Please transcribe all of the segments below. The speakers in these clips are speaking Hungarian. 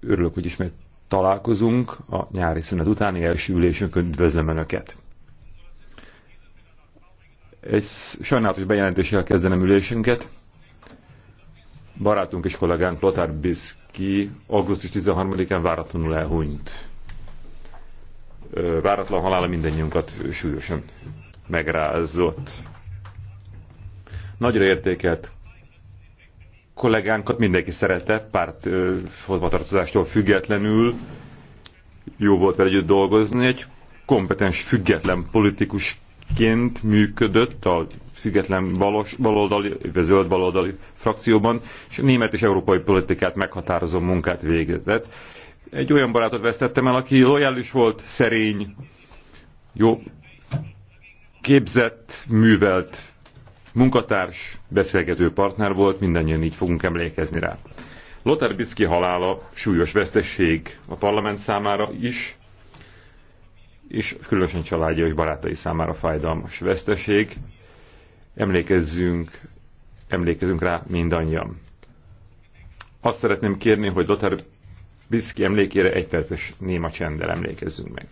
Örülök, hogy ismét találkozunk a nyári szünet utáni első ülésünkön. Üdvözlöm Önöket! Egy sajnálatos bejelentéssel kezdenem ülésünket. Barátunk és kollégánk Lothar Biszki augusztus 13-án váratlanul elhunyt. Váratlan halála mindannyiunkat súlyosan megrázott. Nagyra értékelt kollégánkat mindenki szerette, párt hozmatartozástól függetlenül. Jó volt vele együtt dolgozni. Egy kompetens, független politikusként működött a független balos, baloldali, vagy zöld baloldali frakcióban, és német és európai politikát meghatározó munkát végzett. Egy olyan barátot vesztettem el, aki lojális volt, szerény, jó, képzett, művelt munkatárs, beszélgető partner volt, mindannyian így fogunk emlékezni rá. Lothar Bicki halála súlyos vesztesség a parlament számára is, és különösen családja és barátai számára fájdalmas veszteség. Emlékezzünk, emlékezzünk rá mindannyian. Azt szeretném kérni, hogy Lothar Bicki emlékére egy perces néma csenddel emlékezzünk meg.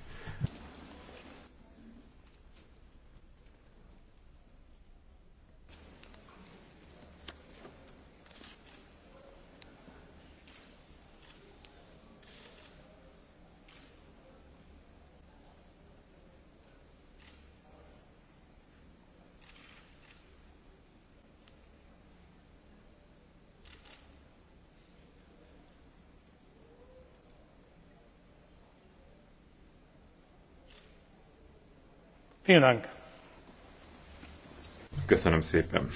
Köszönöm szépen.